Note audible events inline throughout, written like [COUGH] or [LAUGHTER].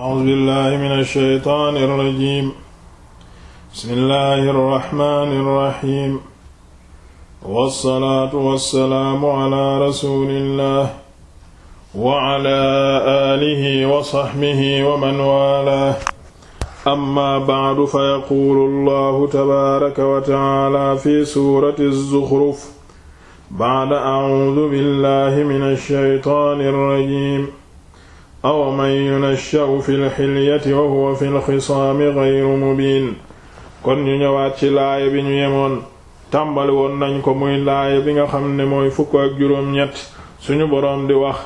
أعوذ بالله من الشيطان الرجيم بسم الله الرحمن الرحيم والصلاة والسلام على رسول الله وعلى آله وصحبه ومن والاه أما بعد فيقول الله تبارك وتعالى في سورة الزخرف بعد أعوذ بالله من الشيطان الرجيم aw man yunashsha'u fi lxilyati wa huwa fi lxisaami gayru mubiin kon ñu ñëwaat ci laaya bi ñu yemoon tàmbali woon nañ ko muy laaya bi nga xam ne mooy fukk ak juróom-ñett suñu boroom di wax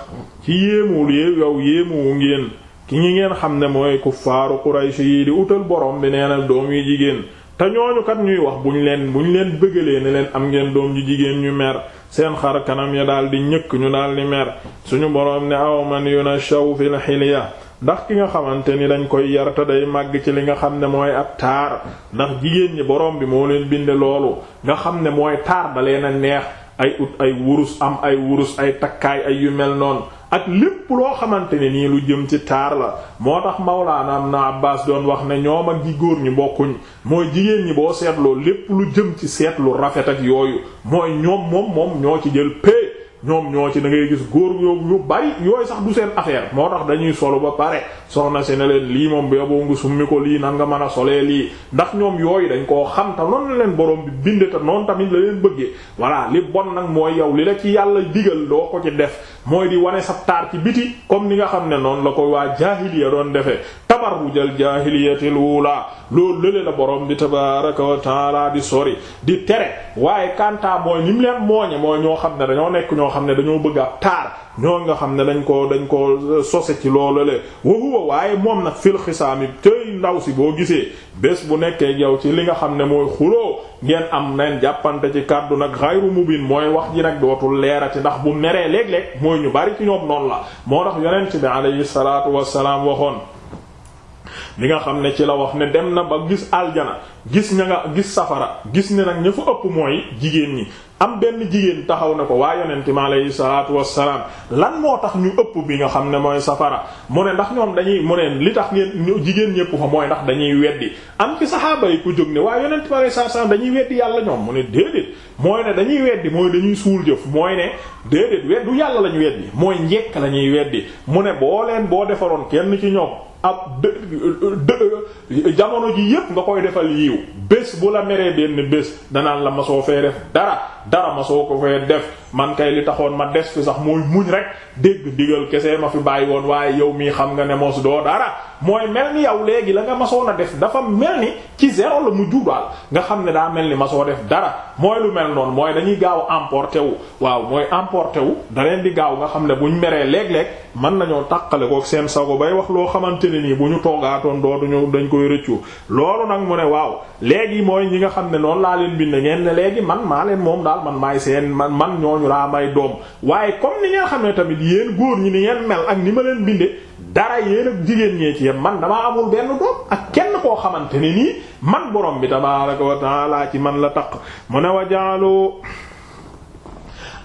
ci yéemuwul yéew yow yéemuwu ngeen ki ñu ngeen xam ne mooy kuffaaru Quraysh yi di utal boroom bi nee na doom yi jigéen te ñooñu kat ñuy wax bu ñu leen bu ñu leen bëggalee ne leen am ngeen doom ji jigéen ñu mer seen xar kanam ya daal di ñëkk ñu daal di mer suñu boroom ne aw man yunashaw fil hilya ndax ki nga xamante ni dañ koy yar te day màgg ci li nga xam ne mooy ab taar ndax jigéen ñi borom bi moo leen binde loolu nga xam ne mooy taar ba leen a neex. ay ut ay wurus am ay wurus ay takkaay ay yu mel noonu ak lépp loo xamante ne nii lu jëm ci taar la moo tax Mawlaana am na Abbaas doon wax ne ñoo ak ji góor ñi bokkuñ mooy jigéen ñi boo seetloo lépp lu jëm ci seetlu rafet ak yooyu mooy ñoom moom moom ñoo ci jël pay ñoom ñoo ci da ngay gis góor yu bari yooyu sax du seen affaire moo tax dañuy solo ba pare soxna si ne leen lii moom boo ngi summi ko lii nanga mën a solee lii ndax ñoom yooyu dañ koo xam te noonu leen borom bi bind te noonu tamit la leen bëggee voilà li bon nag moo yow li la ci yàlla digal doo ko ci def mooy di wane sa taar ci biti comme ni nga xam ne noonu la ko waa jaahiliya doon defee tabarrujal jaahiliyatil wuula loolu lële la borom bi tabaaraka wa taala di sori di tere waaye kanta mooy ni mu leen mooñe mooy ñoo xam ne dañoo nekk ñoo xam ne dañoo bëgg a taar ñoo nga xam ne dañ ko dañ ko sose ci loolu le wa waaye moom nag fil xisaami tey ndaw si boo gisee bés bu nekkee yow ci li nga xam ne mooy xuloo ngeen am neen jàppante ci kàddu nag xayru mubin mooy wax ji nag dootul leerati ndax bu meree léeg-léeg mooy ñu bari ci ñoom noonu la moo tax yonent bi alayhi salaatu wassalaam waxoon li nga xam ne ci la wax ne dem na ba gis aljana gis ña nga gis safara gis ne nag ña ëpp mooy jigéen ñi am benn jigéen taxaw na ko waa yonent mi alayhi salaatu wassalaam lan moo tax ñu ëpp bi nga xam ne mooy safara mu ne ndax ñoom dañuy mu ne li tax ngeen jigéen ñëpp fa mooy ndax dañuy weddi am ci saxaaba yi ku jóg ne waa yonent mi alayhi salaatu wassalaam dañuy weddi yàlla ñoom mu ne déedéet mooy ne dañuy weddi mooy dañuy suul jëf mooy ne déedéet weddu yàlla lañu weddi mooy njekk lañuy weddi mu ne boo leen boo defaroon kenn ci ñoom ab dë jamono ji yépp nga koy defal yiw bés bu la meree benn bés danaan la ma soo fee def dara dara ma soo ko fee def man kay li taxoon ma des fi sax mooy muñ rek dégg digal kese ma fi bàyyi woon waaye yow mii xam nga ne mos doo dara mooy mel ni yow léegi la nga masoon a def dafa mel ni ci zéro la mu juudaal nga xam ne daa mel ni ma masoo def dara mooy lu mel noonu mooy dañuy gaaw emporté wu waaw mooy emporté wu da leen di gaaw nga xam ne buñ meree léeg mën nañoo tàqale ko seen sago bay wax loo xamante ne nii bu ñu toogaatoon dootuñu dañ koy rëccu loolu nag mu waaw léegi mooy ñi nga xam ne noonu laa leen bind ngeen ne léegi man maa leen moom daal man maay seen man man ñooñu laa may doom waaye comme ni ngeen xam ne tamit yéen góor ñi ni ngeen mel ak ni ma leen binde dara yéen ak jigéen ñee ci yem man damaa amul benn doom ak kenn koo xamante ni nii man borom bi ko wa laa ci man la taq mu ne wa jaalu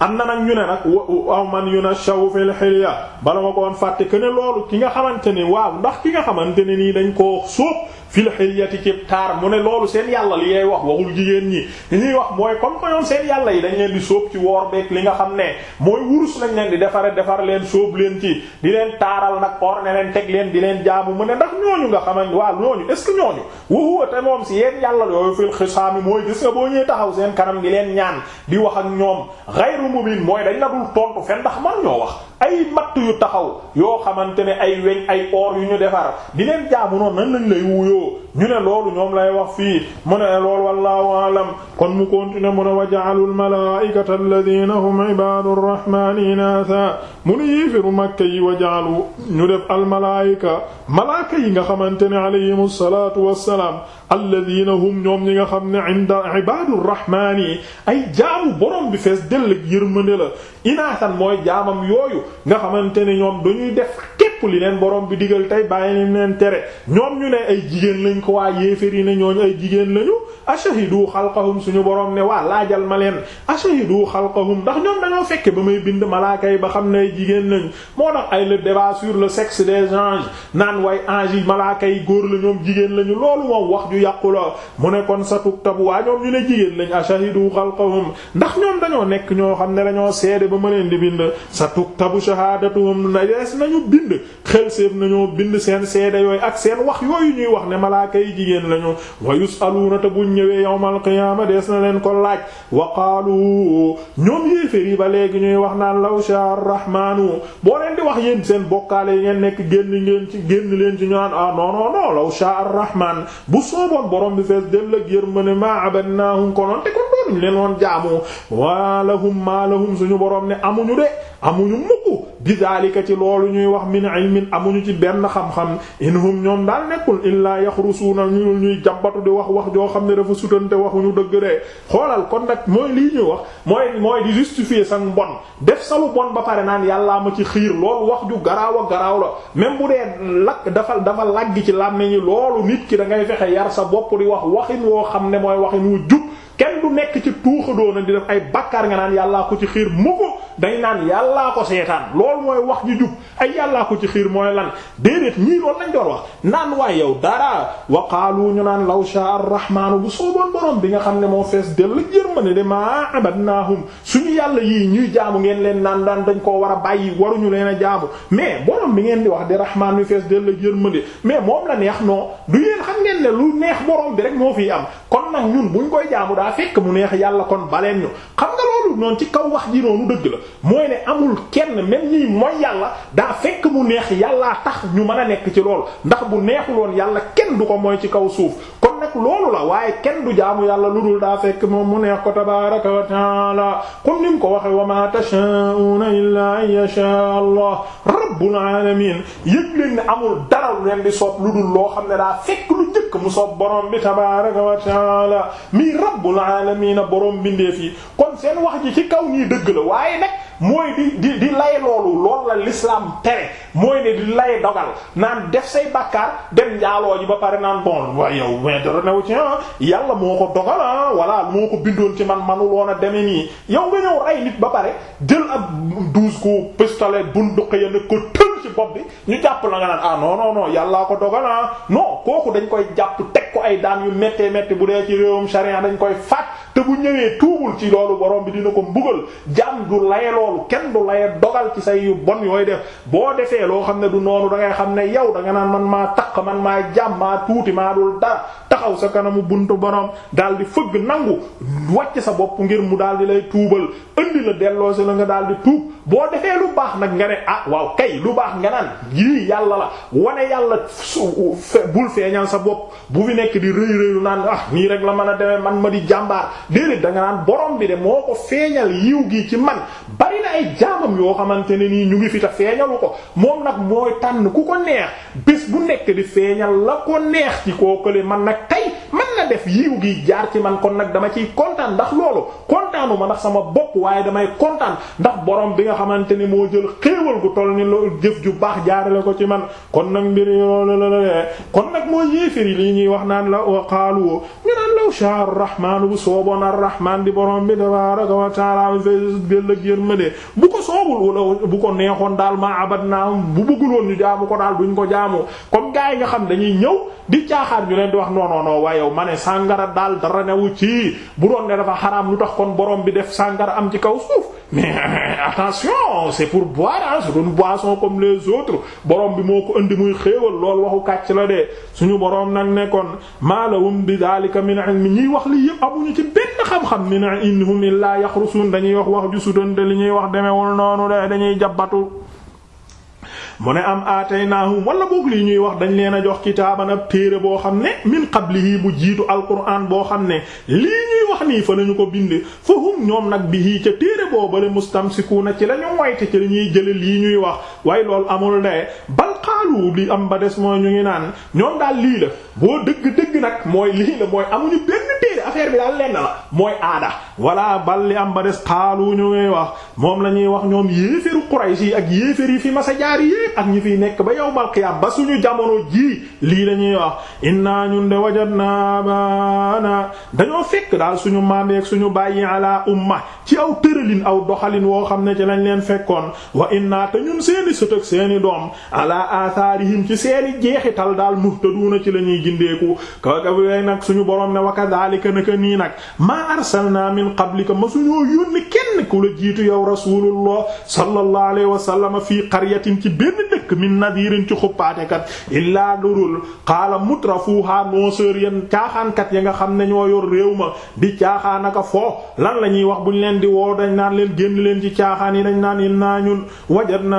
am na nag ñu ne nag aw man yu na shaw fil hilya bala ma ko fàtte que loolu ki nga xamante ni waaw ndax ki nga xamante ne nii dañ koo sóob fil hilyati ci taar mu ne loolu seen yàlla li ngay wax waxul jigéen ñi li ñuy wax mooy comme ko ñoom seen yàlla yi dañ leen di soob ci woor beek li nga xam ne mooy wurus nañ leen di defare defar leen sóob leen ci di leen taaral nag or ne leen teg leen di leen jaamu mu ne ndax ñooñu nga xaman waa ñooñu est ce que ñooñu waxuwa te moom si yeen yàlla yooyu fil xisaami mooy gis nga boo ñuy taxaw seen kanam di leen ñaan di wax ak ñoom ghayru mubin mooy dañ la dul tontu fen ndax man ñoo wax ay matt yu taxaw yoo xamante ne ay weñ ay or yu ñu defar di leen jaamu noonu nan lañ lay wuyoo ñu ne loolu ñoom lay wax fii mu ne loolu wallahu alam kon mu continue mu ne wa ja'alu al-malaa'ikata alladhina hum ibaadu rrahmaani inaatha mu ne yéefiru makka yi wa ja'alu ñu def al-malaa'ika malaaka yi nga xamante ne alayhimu salaatu wassalaam alladina hum ñoom ñi nga xam ne inda ibadur rahmaani ay jaamu borom bi fees dell ak yërmande la inaasan mooy jaamam yooyu nga xamante ne ñoom dañuy def lépp li leen borom bi digal tey bàyyi leen leen tere ñoom ñu ne ay jigéen lañ ko waa yéefér yi ne ñooñu ay jigéen lañu ashahidu xalqahum suñu borom ne waa laajal ma leen ashahidu xalqahum ndax ñoom dañoo fekke ba may bind malaaka yi ba xam ne jigéen lañu moo tax ay le débat le sexe des anges naan way anges yi malaaka yi góor la ñoom jigéen lañu loolu moom wax ju yàqu la mu ne kon sa tuktabu waa ñoom ñu ne jigéen lañ ashahidu xalqahum ndax ñoom dañoo nekk ñoo xam ne dañoo seede ba ma leen di bind sa tuktabu shahadatuhum na des nañu bind xel séef nañoo bind seen seede yooyu ak seen wax yooyu ñuy wax ne malaaka yi jigéen lañu wa yusaluuna te buñ ñëwee yawmal qiyaama dees na leen ko laaj wa qaalu ñoom yéefér yi ba léegi ñuy wax naan law shaa rahmaanu boo leen di wax yéen seen bokkaale yi ngeen nekk génn ngeen leen ci ñu naan ah non non non law shaa arrahman bu sooboon borom bi fees del ak yërmande ma abadnaahum konoon te kon doonuñ leen woon jaamu wa lahum maa lahum suñu borom ne amuñu de amuñu mukk bi daalika ci loolu ñuy wax min ilmin amuñu ci benn xam-xam inhum ñoom daal nekkul illaa yaxrusuuna ñu ñuy jàmbatu di wax wax joo xam ne dafa sutante waxuñu dëgg de xoolal kon nag mooy lii ñuy wax mooy mooy di justifier sa mbon def sa lu bon ba pare naan yàllaa ma ci xiir loolu wax ju garaaw a garaaw la même bu dee lakk dafa dafa lagg ci làmmiñ yi loolu nit ki da ngay fexe yar sa bopp di wax waxin woo xam ne mooy waxin wu jub kenn du nekk ci tuuxadoo na di def ay bakkaar nga naan yàllaa ko ci xiir mu ko dañ naan yàllaa ko seetaan loolu mooy wax ju jub ay yàllaa ko ci xiir mooy lan déedéet ñii loolu lañ doon wax naan waaye yow dara wa qaalu ñu naan law sha arrahmaanu bu sooboon borom bi nga xam ne moo fees dell yërmande de maa abadnaahum suñu yàlla yii ñuy jaamu ngeen leen naan daan dañ koo war a bàyyi waruñu leen a jaamu mais borom bi ngeen di wax di rahmaan mi fees dell yërmande mais moom la neex yéen xam ngeen ne lu neex borom bi rek moo fiy am kon nag ñun buñ koy jaamu daa fekk mu neex yàlla kon baleen ñu xam nga loolu noonu ci kaw wax ji noonu dëgg la mooy ne amul kenn même ñii mooy yàlla daa fekk mu neex yàllaa tax ñu mën a nekk ci lool ndax bu neexuloon yàlla kenn du ko mooy ci kaw suuf nag loolu la waaye kenn du jaamu yàlla lu dul daa fekk moom mu neex ko tabaaraka wa taala comme ni mu ko waxe wa ma tashaa'una illaa an yashaa allah rabbul alamin yëg leen ne amul dara lu leen di soob lu dul loo xam ne daa fekk lu jëkk mu soob borom bi tabaaraka wa taala mi rabbul alamin borom bindee fii kon seen wax ji ci kaw nii dëgg la waaye nag mooy di di di lay loolu loolu la l'islam tere mooy ne di lay dogal naan def say bàkkaar dem njaaloo ji dara newu ci ah yàlla moo ko dogal ah voilà moo ko bindoon ci man manu loon a demee nii yow nga ñëw ay nit ba pare jël ab douze coups pistolet bunduq ya ne ko tël ci bopp bi ñu jàpp la nga naan ah non yàllaa ko dogal ah non kooku dañ koy jàpp teg ko ay daan yu méttee métti bu dee ci réewam charia dañ koy faat. bu ñëwee tuubul ci loolu borom bi dina ko mbugal jaam du laye loolu kenn du laye dogal ci say bon yooy def boo defee loo xam ne du noonu dangay xam ne yow danga naan man maa taq man maa jaam tuuti maa dul taxaw sa kanamu buntu borom daal di fëgg nangu wàcc sa bopp ngir mu daal di lay tuubal indi la la nga daal di tuub boo defee lu baax nag nga ne ah waaw kay lu baax nga naan yii yàlla la wane yàlla bul sa bopp bu fi nekk di rëy rëy naan ah nii la mën a demee man ma di jàmbaar déedéet da nga naan borom bi de moo ko feeñal yiw gi ci man bari na ay jaamam yoo xamante ne nii ñu ngi fi ta feeñalu ko moom nag mooy tànn ku ko neex bés bu nekk di feeñal la ko neex ci koo man nag tey def yiw gi jaar ci man kon nag dama ciy kontaan ndax loolu kontaanu ma ndax sama bopp waaye damay kontaan ndax borom bi nga xamante ne moo jël xéewal gu toll ni loolu jëf ju baax jaarale ko ci man kon nag mbir la la kon nag moo yi li ñuy wax naan la xaaluwoo ñu naan law shaa ar-rahmaanu bu sooboon ar-rahmaan di borom bi tabaaraka wa ta'aala bu ko soobul wala bu ko neexoon daal maa abadnaahum bu bëggul woon ñu jaamu ko daal bu ñu ko jaamoo comme gars yi nga xam dañuy ñëw di caaxaar ñu leen di wax non non non waaye yow ma ne sàngara daal dara newu ci bu doon ne dafa xaraam lu tax kon borom bi def sàngara am ci kaw suuf. mais [LAUGHS] attention c'est pour boire ah c'est une boisson comme les autres borom bi moo ko indi muy xéewal lool waxu kàcc la de ñu borom nag nekkoon maalahum bi daalika min mi ñiy wax li yëpp amuñu ci benn xam-xam ni na innahum illaa yaxrusuun dañuy wax wax ju sudante li ñuy wax demewul noonu de dañuy jabbatu mu ne am aataynaahum wala boog lii ñuy wax dañ leen a jox kitaaban ab téere boo xam ne min qablihi bu jiitu al alquran boo xam ne lii ñuy wax nii fa lañu ko bind fa hum ñoom nag bi bihi ca téere boobale mustamsikuuna ci la ñu moyte ci la ñuy jële lii ñuy wax waaye loolu amul de bal xaalu li am ba des mooy ñu ngi naan ñoom daal lii la boo dëgg dëgg nag mooy lii la mooy amuñu benn téere affaire bi daal lenn la mooy aada walla bal li am ba des xaalu ñu ngay wax moom la ñuy wax ñoom yéeféru Quraysh yi ak yéefér yi fi masa jaar yépp ak ñi fiy nekk ba yawmal qiyaam ba suñu jamono jii lii la ñuy wax inna ñun de wajadna bana dañoo fekk daal suñu maameeg suñu bàyyi ala umma ci aw tëralin aw doxalin woo xam ne ci lañ leen fekkoon wa inna te ñun seeni sët ak seeni doom ala atharihim ci seeni jeexital daal muhtaduna ci la ñuy gindeeku kaway nag suñu borom ne nii nag min qablika masuñoo yónni kenn ku la jiitu yow rasulullah sallallahu alayhi wa sallam fii qaryatin ci benn nekk min nadirin ci xuppaatekat illaa lurul xaala mutrafuha nonseur yéen caaxaankat ya nga xam ne ñoo yor réew ma di caaxaanaka foo lan la ñuy wax buñ leen di woo dañ naan leen génn leen ci caaxaan yi dañ naan in naa ñun wajadna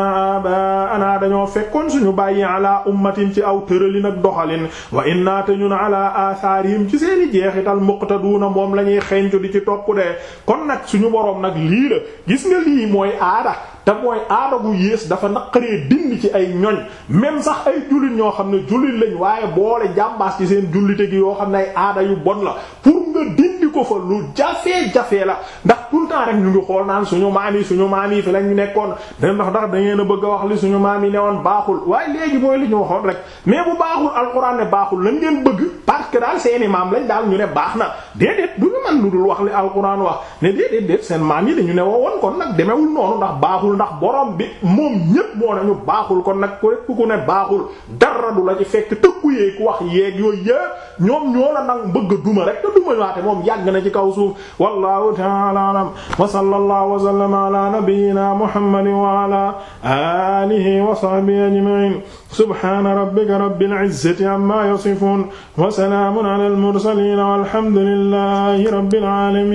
ana dañoo fekkoon suñu bàyyi ala ummatin ci aw tëralin ak doxalin wa inna te ñun ala atharihim ci seeni jeexital muqtaduna moom la ñuy xencu di ci topp de kon nag suñu boroom nag lii la gis nga lii mooy aada te mooy aada bu yées dafa naqaree dindi ci ay ñoñ même sax ay jullit ñoo xam ne jullit lañ waaye boole jàmbaas ci seen jullite gi yoo xam ne ay aada yu bon la pour nga dindi ko fa lu jafe-jafe la ndax tout le temps rek ñu ngi xool naan suñu maam yi suñu maam yi fi lañ nekkoon dañ ndax ndax da a bëgg a wax li suñu maam yi woon baaxul waaye léegi mooy li ñu waxoon rek mais bu baaxul alxuraan ne baaxul lañ ngeen bëgg. parce que daal seeni maam lañ daal ñu ne baax na déedéet du ñu man lu dul wax li alxuraan wax ne déedéet déet seen maam yi dañu ne woon kon nag demewul noonu ndax baaxul ndax borom bi moom ñépp moo nañu baaxul kon nag ku rek ku ne baaxul dara du la ci fekk tëkku yeeg wax yeeg yooyu yëpp ñoom ñoo la nag bëgg a duma rek te duma ñaate moom yàgg na ci kaw suuf wallahu ta'ala alam wa sallallahu wa sallama ala nabiyyina muhammadin wa ala alihi wa sahbihi ajma'in subhana rabbika rabbil izzati amma yasifun salaamun ala al mursaliin walhamdu lillaahi rabbil aalamiin